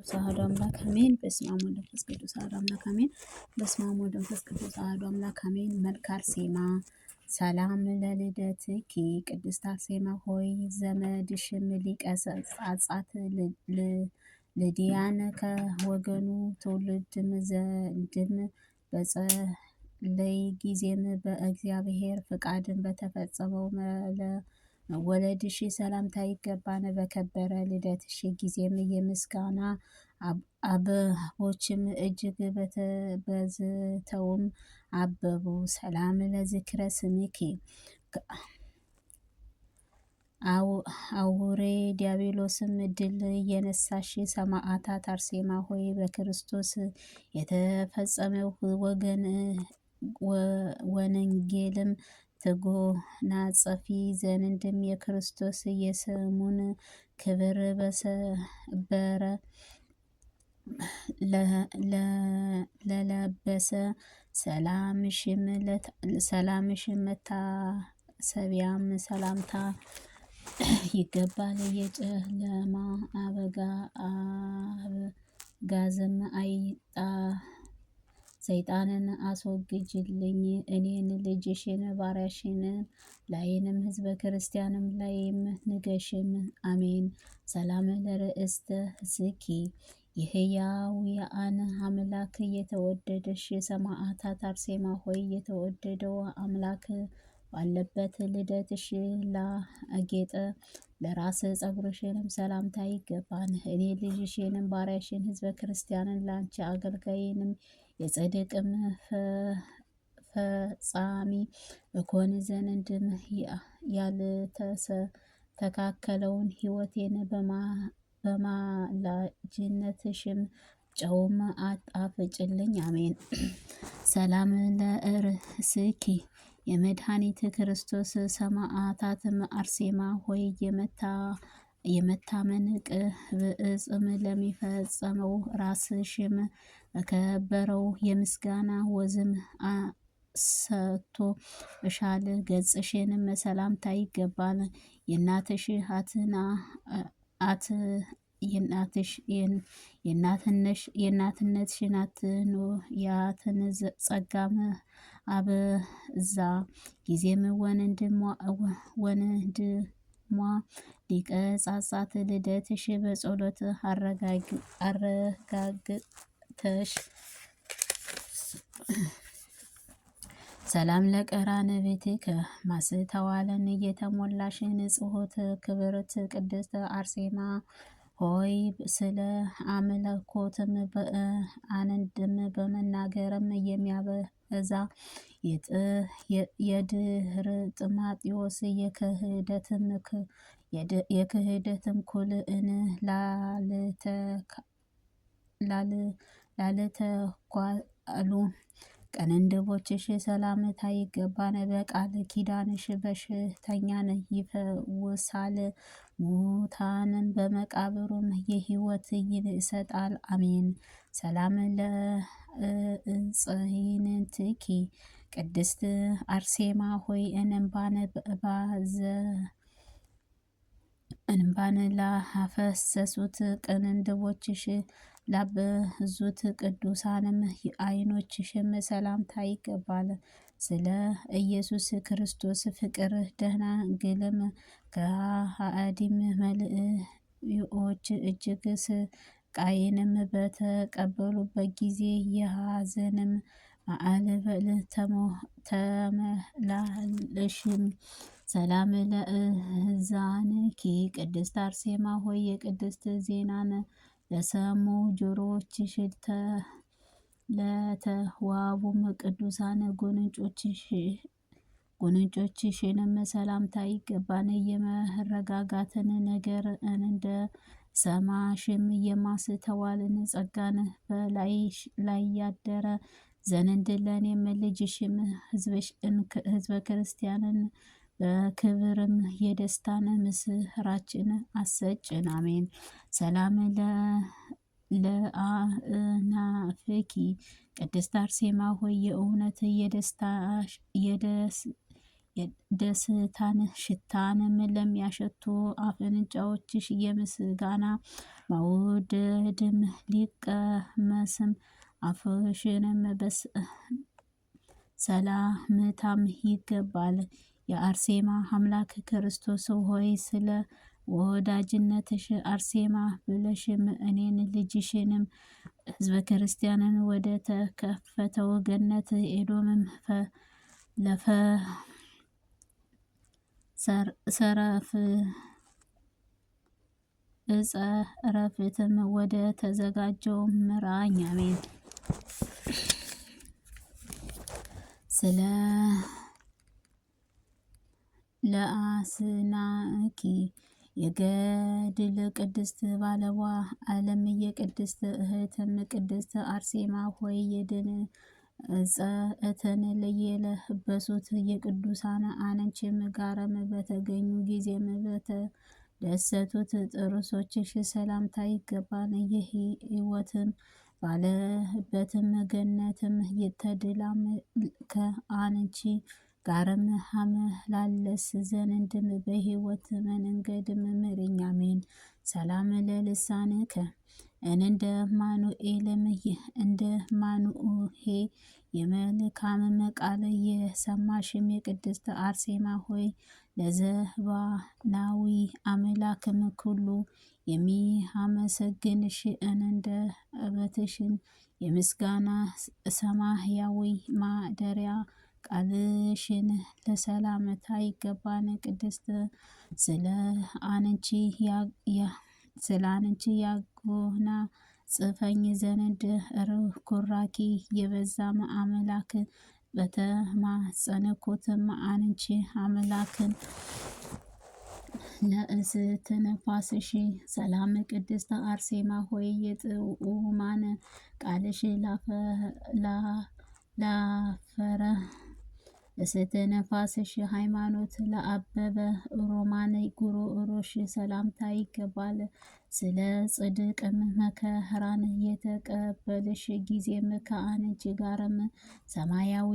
ቅዱስ አሐዱ አምላክ አሜን። በስመ አብ ወወልድ ወመንፈስ ቅዱስ አሐዱ አምላክ አሜን። በስመ አብ ወወልድ ወመንፈስ ቅዱስ አሐዱ አምላክ አሜን። መልክአ አርሴማ ሰላም ለልደትኪ ቅድስት አርሴማ ሆይ ዘመድሽም ሊቀ ጻጻት ልድያን ከወገኑ ትውልድም ዘንድም በጸለይ ጊዜም በእግዚአብሔር ፍቃድን በተፈጸመው መለ መወለድሽ ሰላምታ ይገባን በከበረ ልደትሽ ጊዜም የምስጋና አበቦችም እጅግ በዝተውም አበቡ። ሰላም ለዝክረ ስምኪ አውሬ ዲያብሎስም ድል የነሳሽ ሰማዕታት አርሴማ ሆይ በክርስቶስ የተፈጸመው ወገን ወንጌልም ትጎናጸፊ ዘንድም የክርስቶስ የስሙን ክብር በሰበረ ለለበሰ ሰላምሽም መታሰቢያም ሰላምታ ይገባል። የጨለማ አበጋ አበጋዝም አይጣ ሰይጣንን አስወግጅልኝ እኔን ልጅሽን ባሪያሽን ላይንም ህዝበ ክርስቲያንም ላይም ንገሽም። አሜን። ሰላም ለርእስተ ስኪ የህያው የአን አምላክ የተወደደሽ ሰማዕታት አርሴማ ሆይ የተወደደው አምላክ ባለበት ልደትሽ ላጌጠ ለራስ ጸጉርሽንም ሰላምታ ይገባን። እኔ ልጅሽንም ባሪያሽን ህዝበ ክርስቲያንን ላንቺ አገልጋይንም የጽድቅም ፈጻሚ እኮን ዘንድም ያልተስተካከለውን በማላጅነት በማላጅነትሽም ጨውም አጣፍጭልኝ። አሜን። ሰላም ለእርስኪ የመድኃኒት ክርስቶስ ሰማዕታት አርሴማ ሆይ የመታመን ቅብዕጽም ለሚፈጸመው ራስሽም ከበረው የምስጋና ወዝም ሰጥቶ እሻል ገጽሽንም ሰላምታ ይገባል። የእናትሽ አትና አት የእናትነትሽን አትኖ ያትን ጸጋም አበዛ ጊዜም ወንድሟ ሊቀ ጻጻት ልደትሽ በጸሎት አረጋግ ሰጥተሽ ሰላም ለቀራን ቤትከ ማስተዋለን እየተሞላሽ ንጽሆት ክብርት ቅድስት አርሴማ ሆይ ስለ አምልኮትም አንድም በመናገርም የሚያበዛ የድህር ጥማጢዎስ የክህደትም የክህደትም ኩልእን ላልተ ላለተጓሉ ቀንድቦችሽ ሰላምታ ይገባን። በቃል ኪዳንሽ በሽተኛን ይፈውሳል፣ ሙታንን በመቃብሩም የህይወት ይሰጣል። አሜን። ሰላም ትኪ ቅድስት አርሴማ ሆይ እንባን ባዘ እንባን ላፈሰሱት ቅንድቦችሽ ላበዙት ቅዱሳንም አይኖችሽም ሰላምታ ይገባል። ስለ ኢየሱስ ክርስቶስ ፍቅር ደናግልም ከሃዲም መልእዎች እጅግ ስቃይንም በተቀበሉበት ጊዜ የሐዘንም ማዕበል ተመላለሽም። ሰላም ለእዛንኪ ቅድስት አርሴማ ሆይ የቅድስት ዜናን ለሰሙ ጆሮዎችሽ ለተዋቡም ቅዱሳን ጉንጮችሽ ጉንጮችሽንም ሰላምታ ይገባን። የመረጋጋትን ነገር እንደ ሰማሽም የማስተዋልን ጸጋን በላይሽ ላይ ያደረ ዘንድ ለእኔም ልጅሽም ህዝበ ክርስቲያንን በክብርም የደስታን ምስራችን አሰጭን። አሜን። ሰላም ለአእናፍኪ ቅድስት አርሴማ ሆይ የእውነት የደስታን ሽታንም ለሚያሸቱ አፍንጫዎችሽ የምስጋና መውደድም ሊቀመስም አፍሽንም በሰላምታም ይገባል። የአርሴማ አምላክ ክርስቶስ ሆይ ስለ ወዳጅነትሽ አርሴማ ብለሽም እኔን ልጅሽንም ሕዝበ ክርስቲያንን ወደ ተከፈተው ገነት ኤዶምም ለፈ ሰራፍ እጸ ረፍትም ወደ ተዘጋጀው ምራኝ አሜን። ስለ ለአስናኪ የገድል ቅድስት ባለዋ ዓለም ቅድስት እህትም ቅድስት አርሴማ ሆይ የድን ጸእተን ለየለበሱት የቅዱሳን አነንችም ጋርም በተገኙ ጊዜም በተደሰቱት ጥርሶችሽ ሰላምታ ይገባን። የሕይወትም ባለበትም ገነትም የተድላም ከአንቺ ጋርም ሀመላለስ ዘንድም በህይወት መንገድም ምሪኝ አሜን። ሰላም ለልሳንከ እንደ ማኑኤልም እንደ ማኑሄ የመልካም ቃል የሰማሽም የቅድስት አርሴማ ሆይ ለዘባናዊ አምላክም ኩሉ የሚያመሰግንሽ እንደ እበትሽን የምስጋና ሰማያዊ ማደሪያ ቃልሽን ለሰላምታ ይገባን ቅድስት ስለ አንቺ ስለ አንቺ ያጎና ጽፈኝ ዘንድ የበዛ የበዛም አምላክ በተማጸንኩትም አንቺ አምላክን ለእስትንፋስሽ ሰላም ቅድስት አርሴማ ሆይ የጥዑማን ቃልሽ ላፈረ በስተ ነፋስሽ ሃይማኖት ለአበበ ሮማን ሮሽ ሰላምታ ይገባል። ስለ ጽድቅም መከራን የተቀበልሽ ጊዜም ከአንቺ ጋርም ሰማያዊ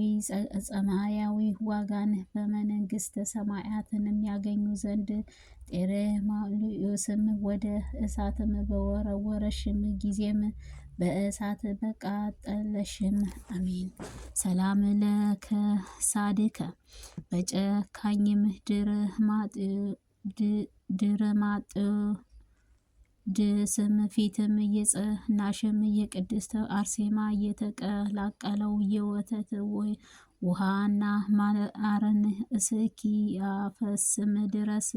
ሰማያዊ ዋጋን በመንግስት ሰማያትንም ያገኙ ዘንድ ጤሬማዮስም ወደ እሳትም በወረወረሽም ጊዜም በእሳት በቃጠለሽም። አሜን። ሰላም ለከ ሳድከ በጨካኝም ድርማጥ ድስም ፊትም የጽናሽም የቅድስት አርሴማ የተቀላቀለው የወተት ውሃና ማረን እስኪ ያፈስም ድረስ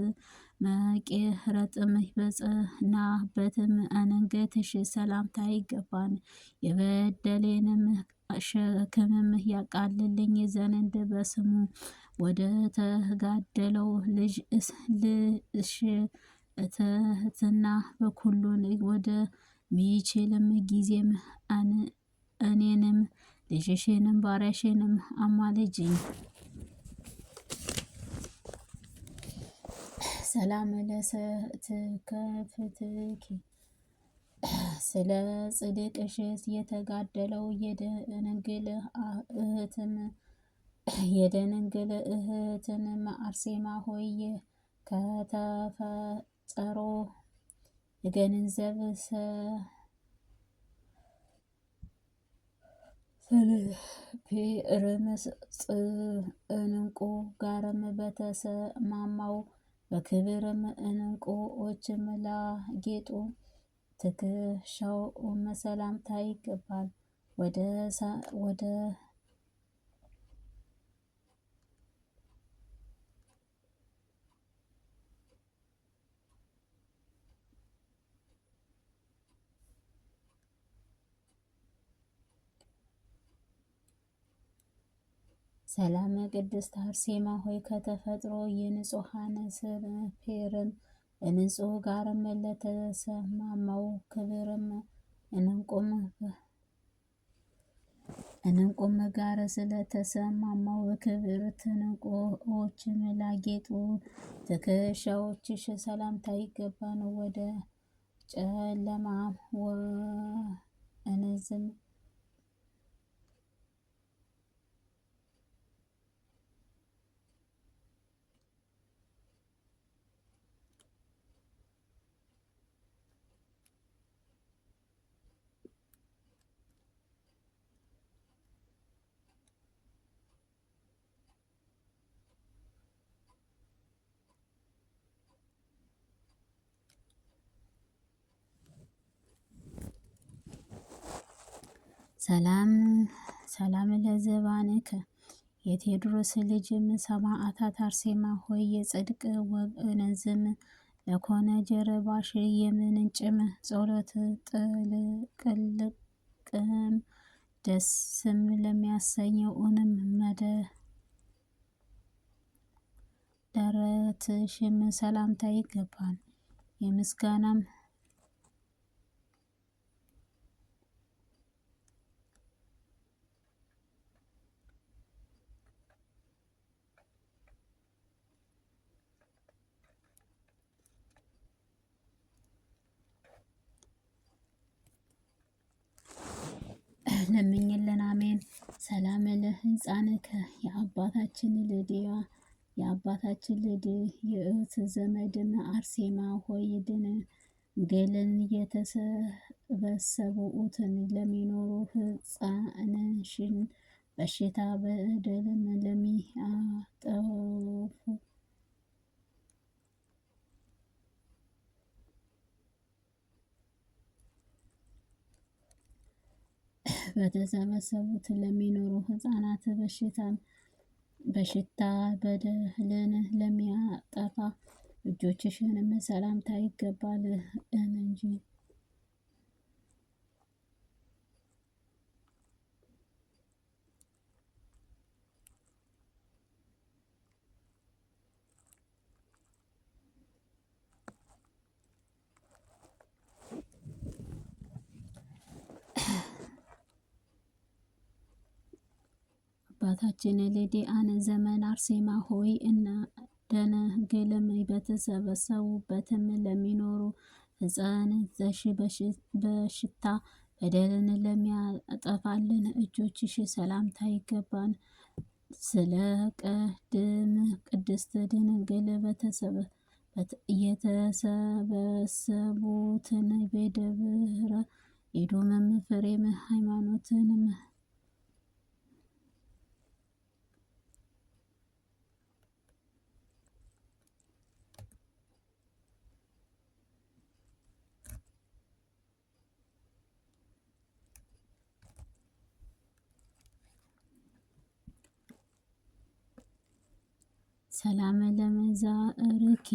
መቄረጽም በጸናበትም አንገትሽ ሰላምታ ይገባን። የበደሌንም ሸክምም ያቃልልኝ ዘንድ በስሙ ወደ ተጋደለው ልጅ ልሽ እትህትና በኩሉን ወደ ሚችልም ጊዜም እኔንም ልጅሽንም ባሪያሽንም አማልጅኝ። ሰላም ለሰትከ ፍትኪ ስለ ጽድቅሽስ የተጋደለው የደንግል እህትም የደንግል እህትን አርሴማ ሆይ ከተፈጠሮ ገንዘብ ሰልፔ ርምስ እንቁ ጋርም በተሰማማው በክብርም እንቁዎች ላጌጡ ትከሻው መሰላምታ ይገባል። ወደ ሰላም ቅድስት አርሴማ ሆይ ከተፈጥሮ የንጹሐነ ስር ፌርም ንጹሕ ጋርም ለተሰማማው ክብርም እንንቁም እንቁም ጋር ስለተሰማማው ክብር ትንቆዎችም ላጌጡ ትከሻዎችሽ ሰላምታ ይገባን። ወደ ጨለማ ወእንዝም ሰላም ሰላም ለዘባንከ የቴዎድሮስ ልጅም ሰማዕታት አርሴማ ሆይ የጽድቅ ወገነዝም ለኮነ ጀርባሽ የምንጭም ጸሎት ጥልቅልቅም ደስም ለሚያሰኘውንም መደ ደረትሽም ሰላምታ ይገባል። የምስጋናም ስለምኝልን አሜን። ሰላም ለሕፃንከ የአባታችን ልድያ የአባታችን ልድ የእህት ዘመድን አርሴማ ሆይ ድን ገልን የተሰበሰቡትን ለሚኖሩ ሕፃንሽን በሽታ በደልም ለሚያጠፉ በተሰበሰቡት ለሚኖሩ ህፃናት በሽታን በሽታ በደህልን ለሚያጠፋ እጆችሽንም ሰላምታ ይገባል እንጂ እናታችን አነ ዘመን አርሴማ ሆይ እና ደናግልም በተሰበሰቡበትም ለሚኖሩ ሕፃን ዘሽ በሽታ በደልን ለሚያጠፋልን እጆችሽ ሰላምታ ይገባን። ስለ ቀድም ቅድስት ድንግል የተሰበሰቡትን በደብረ ኤዶምም ፍሬም ሃይማኖትንም ሰላም ለመዛርኪ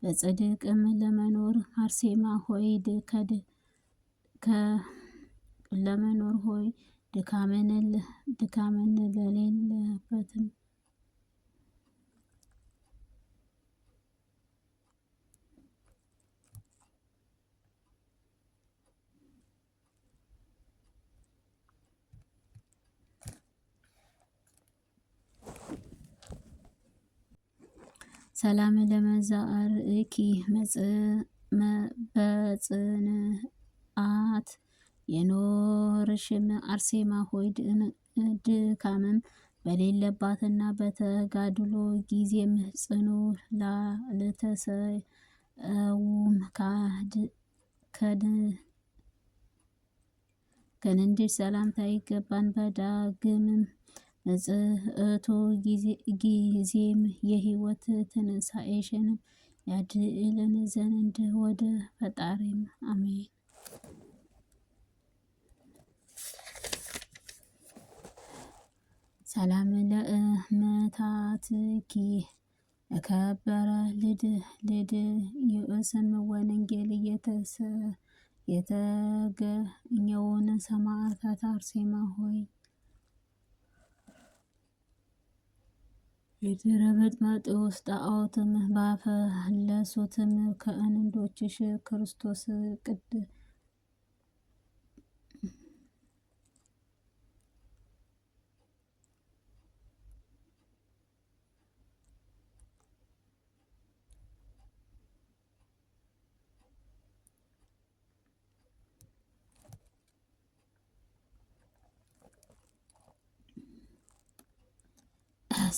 በጽድቅም ለመኖር አርሴማ ሆይ ድከድ ለመኖር ሆይ ድካምን ድካምን ለሌለበትም ሰላም ለመዛርኪ በጽንአት የኖርሽም አርሴማ ሆይ ድካምም በሌለባትና በተጋድሎ ጊዜም ጽኑ ላልተሰውም ከንንድሽ ሰላምታ ይገባን። በዳግምም ምጽእቱ ጊዜም የሕይወት ትንሣኤሽንም ያድለን ዘንድ ወደ ፈጣሪም አሜን። ሰላም ለእመታትኪ የከበረ ልድ ልድ ዩእስም ወንጌል የተገኘውን ሰማዕታት አርሴማ ሆይ የድረ በጥማጤዎስ ጣዖትም ባፈለሱትም ከእንዶችሽ ክርስቶስ ቅድ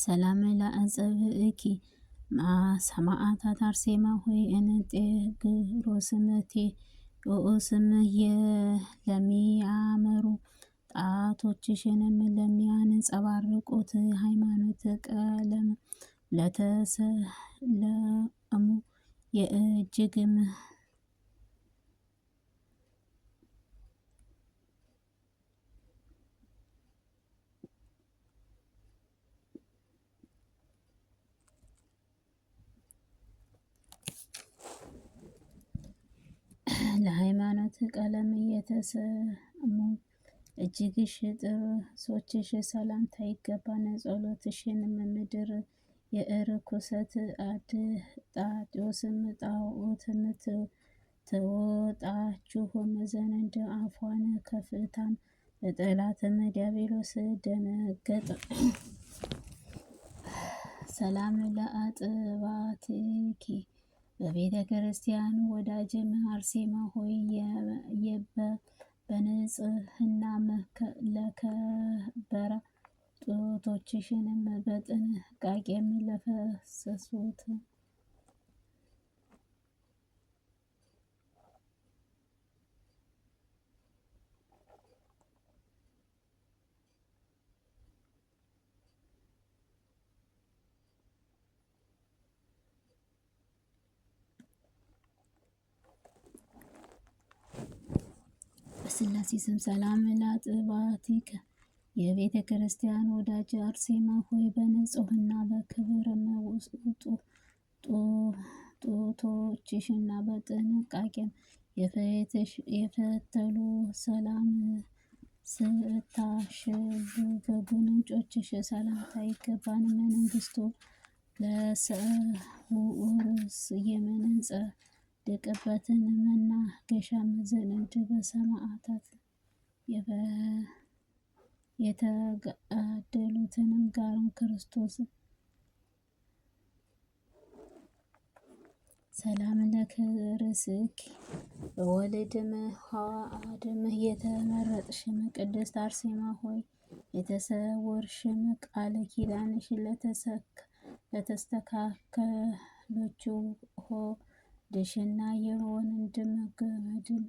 ሰላም ለአጸብእኪ ሰማዕታት አርሴማ ሆይ እንጤግሮስምቴ ዮኦስም ለሚያመሩ ጣቶችሽንም ለሚያንጸባርቁት ሃይማኖት ቀለም ለተሰለሙ የእጅግም ለሃይማኖት ቀለም እየተሰሙ እጅግሽ ሶችሽ ሰላምታ ይገባን። ጸሎትሽንም ምድር የእርኩሰት አድጣጢዎስም ጣዖት ትውጣችሁ ዘንድ አፏን ከፍታም ለጠላትም ዲያብሎስ ደነገጥ። ሰላም ለአጥባቲኪ በቤተ ክርስቲያን ወዳጅም አርሴማ ሆይ የበ በንጽህና ለከበረ ጡቶችሽንም በጥንቃቄም ለፈሰሱት በስላሴ ስም ሰላም ላጥባቲከ የቤተ ክርስቲያን ወዳጅ አርሴማ ሆይ በንጹህና በክብር መውጡ ጡቶችሽና በጥንቃቄም የፈተሉ ሰላም ስታሽሉ ጉንጮችሽ ሰላምታ ይገባን። መንግስቱ ለሰውርስ የመንጸ የቀባትን መናገሻ መዘነድ በሰማዕታት የተጋደሉትንም ጋርም ክርስቶስ ሰላም ለክርስኪ በወልድም ሀዋአድም የተመረጥሽ ቅድስት አርሴማ ሆይ የተሰወርሽም ቃል ኪዳንሽ ለተስተካከሎች ሆይ ድሽና የሮን እንደመገመድን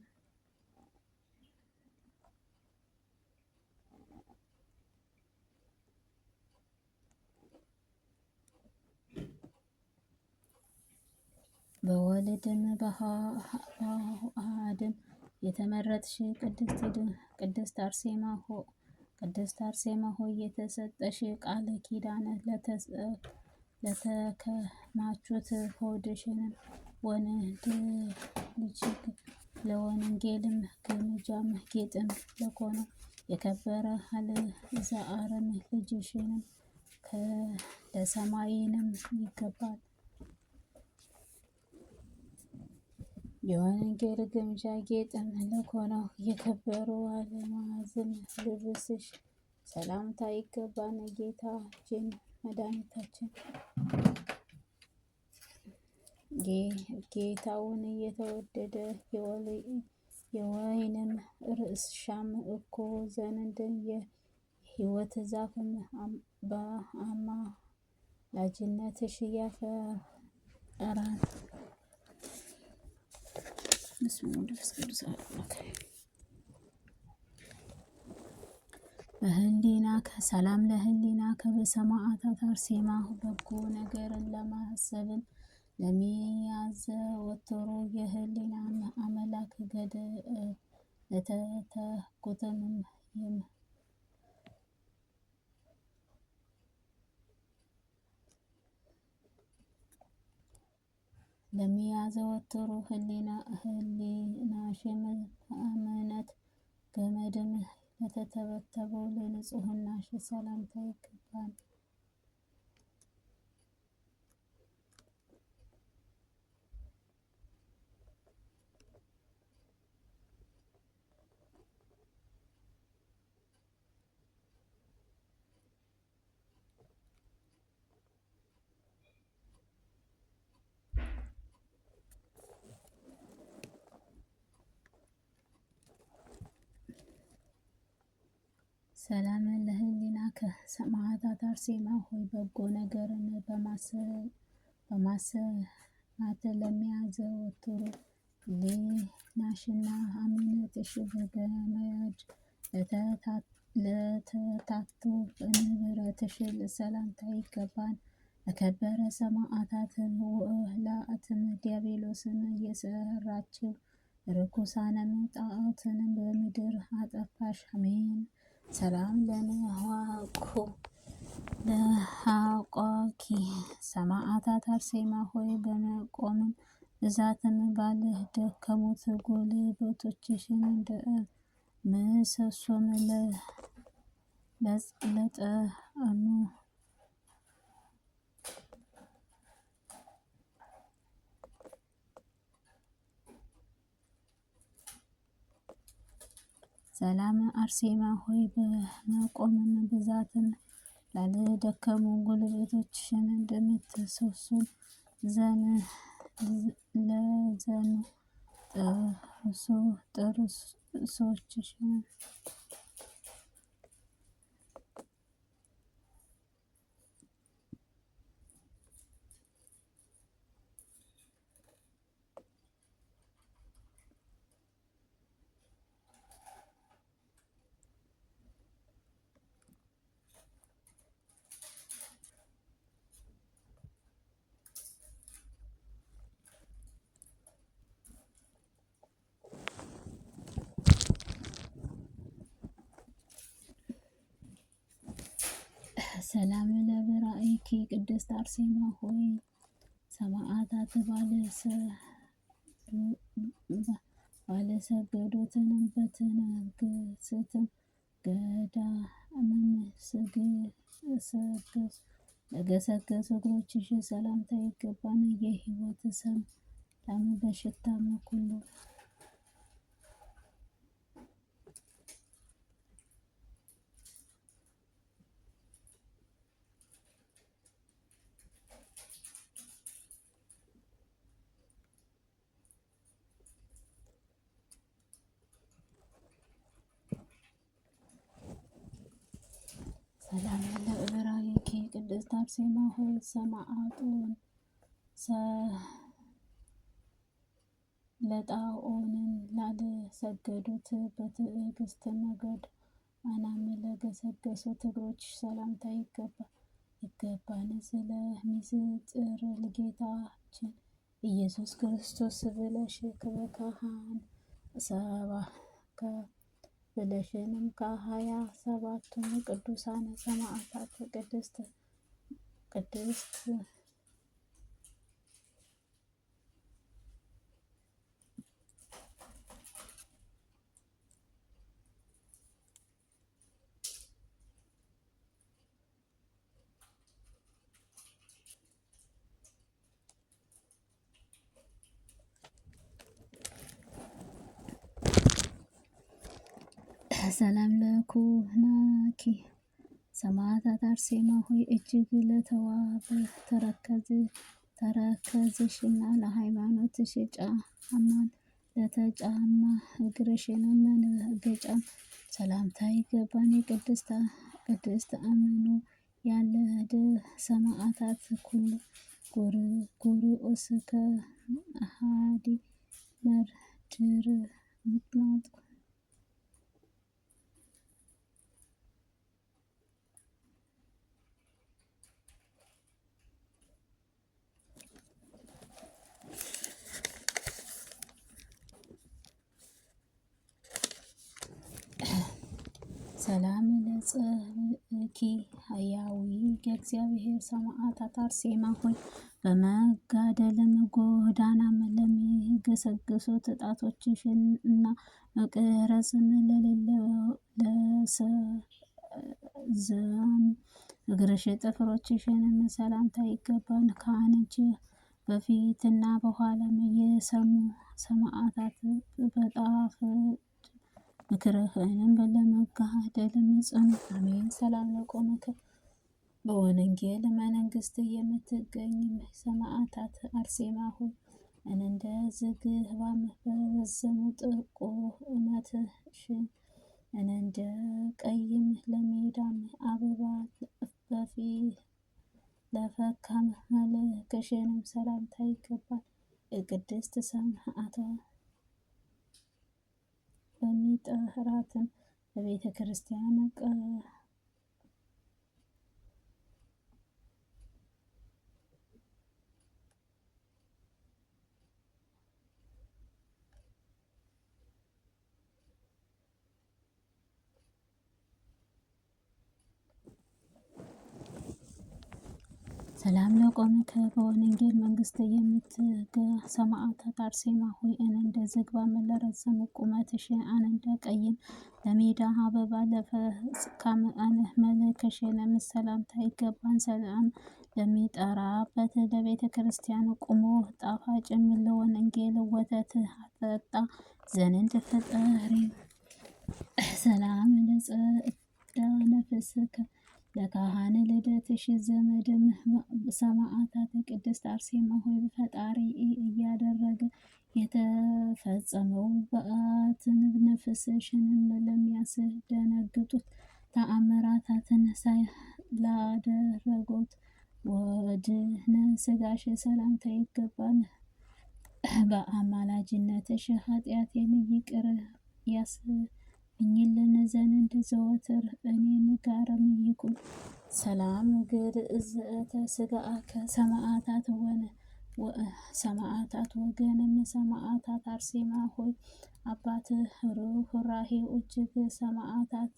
በወለደም በአሐድም የተመረጥሽ ቅድስት አርሴማ ሆ ቅድስት አርሴማ ሆይ የተሰጠሽ ቃል ኪዳን ለተከማቹት ሆድሽንም ወንድ ልጅ ለወንጌልም ግምጃም ጌጥም ለኮነ የከበረ አልዛአረም ልጅሽንም ለሰማይንም ይገባል። የወንጌል ግምጃ ጌጥም ለኮነው የከበሩ አለማዝም ልብስሽ ሰላምታ ይገባን ጌታችን መድኃኒታችን ጌታውን የተወደደ የወይንም እርሻም እኮ ዘንድ የሕይወት ዛፍም በአማላጅነትሽ ያፈራል። በህሊና ከሰላም ለህሊና ከበሰማዕታት አርሴማ በጎ ነገርን ለማሰብን ለሚያዘወትሩ የህሊና አምላክ ገድ ለተተኩትም ለሚያዘወትሩ ህሊና ህሊናሽም እምነት ገመድም ለተተበተበው ለንጹህናሽ ሰላምታ ይገባል። ሰማዕታት አርሴማ ሆይ በጎ ነገርን በማሰማት ለሚያዘወትሩ ሌናሽና እምነትሽ በገመድ ለተታቱ ንብረትሽ ሰላምታ ይገባል። ለከበረ ሰማዕታት ውላእትን ዲያብሎስን የሰራችው ርኩሳነ ጣዖትን በምድር አጠፋሽ። አሜን። ሰላም ለነዋቆ ለሃቆኪ ሰማዕታት አርሴማ ሆይ በመቆምም ብዛትም ባለህ ደከሙት ጉልበቶችሽን እንደ ምሰሶም ለጠኑ ሰላም አርሴማ ሆይ በመቆምም ብዛትም ላልደከሙ ጉልበቶችሽን እንደምትሰሱን ዘን ለዘኑ ጥርሶችሽን ሰላም ለብራእኪ ቅድስት አርሴማ ሆይ ሰማዕታት ባለሰገዶትንም በትግስትም ገዳምም ለገሰገሱ እግሮችሽ ሰላምታ ይገባን። የሕይወት ሰላም በሽታም ሁሉ አርሴማ ሆይ ሰማዕቱን ለጣዖንን ላልሰገዱት በትዕግስት መገድ አናምን ለገሰገሱት እግሮች ሰላምታ ይገባል ይገባን። ስለ ምስጢር ልጌታችን ኢየሱስ ክርስቶስ ብለሽ ከካህን ሰባ ብለሽንም ከሀያ ሰባቱ ቅዱሳን ሰማዕታት ቅድስት سلام لكم هناكي ሰማዕታት አርሴማ ሆይ እጅግ ለተዋበ ተረከዝ ተረከዝሽና ለሃይማኖትሽ ጫማን ለተጫማ እግርሽንም መርገጫም ሰላምታ ይገባን። የቅድስት ቅድስት አምኖ ያለ ድ ሰማዕታት ኩሉ ጉርኡስ ከሃዲ መርድር ምጥማጥቁ ሰላም ለጽኪ ሕያዊ የእግዚአብሔር ሰማዕታት አርሴማ ሆይ በመጋደልም ጎዳና ለሚገሰግሱ ጣቶችሽን እና መቅረዝም ለሌለው ለሰዘም እግርሽ ጥፍሮችሽንም ሰላምታ ይገባን ከአንቺ በፊትና በኋላም የሰሙ ሰማዕታት በጣፍ ምክርህንም ለመጋደልም ጽኑ። አሜን። ሰላም ለቆመከ በወንጌል መንግሥት የምትገኝ ሰማዕታት አርሴማ ሆይ እንደ ዝግባም በረዘሙ ጥቁመትሽን እንደ ቀይም ለሜዳም አበባ በፊ ለፈካም መልክሽንም ሰላምታ ይገባል። የቅድስት ሰማዕታት በሚጥራትም በቤተ ክርስቲያን አቋመከ በወንጌል መንግስት የምትገ ሰማዕታት አርሴማ ሆይ እንደ ዝግባ መለረዘሙ ቁመትሽ እንደ ቀይን ለሜዳ አበባ ለፈስካም መልክሽ ለምሰላምታ ይገባን ሰላም ለሚጠራበት ለቤተ ክርስቲያን ቁሞ ጣፋጭ ለወንጌል ወተት አጠጣ ዘንድ ፈጣሪ ሰላም ለጸዳ ነፍስከ ለካህን ልደትሽ ዘመድም ሰማዕታት ቅድስት አርሴማ ሆይ ፈጣሪ እያደረገ የተፈጸመው በአትን ነፍስሽን ለሚያስደነግጡት ተአምራታትን ላደረጉት ወድነ ስጋሽ ሰላምታ ይገባል። በአማላጅነትሽ ኃጢአቴን ይቅር ያስ ይሁንልን ዘንድ ዘወትር እኔን ጋርም ይቁም። ሰላም ግድ እዝእተ ስጋአከ ሰማዕታት ወነ ሰማዕታት ወገንም ሰማዕታት አርሴማ ሆይ አባት ርኅራኄው እጅግ ሰማዕታት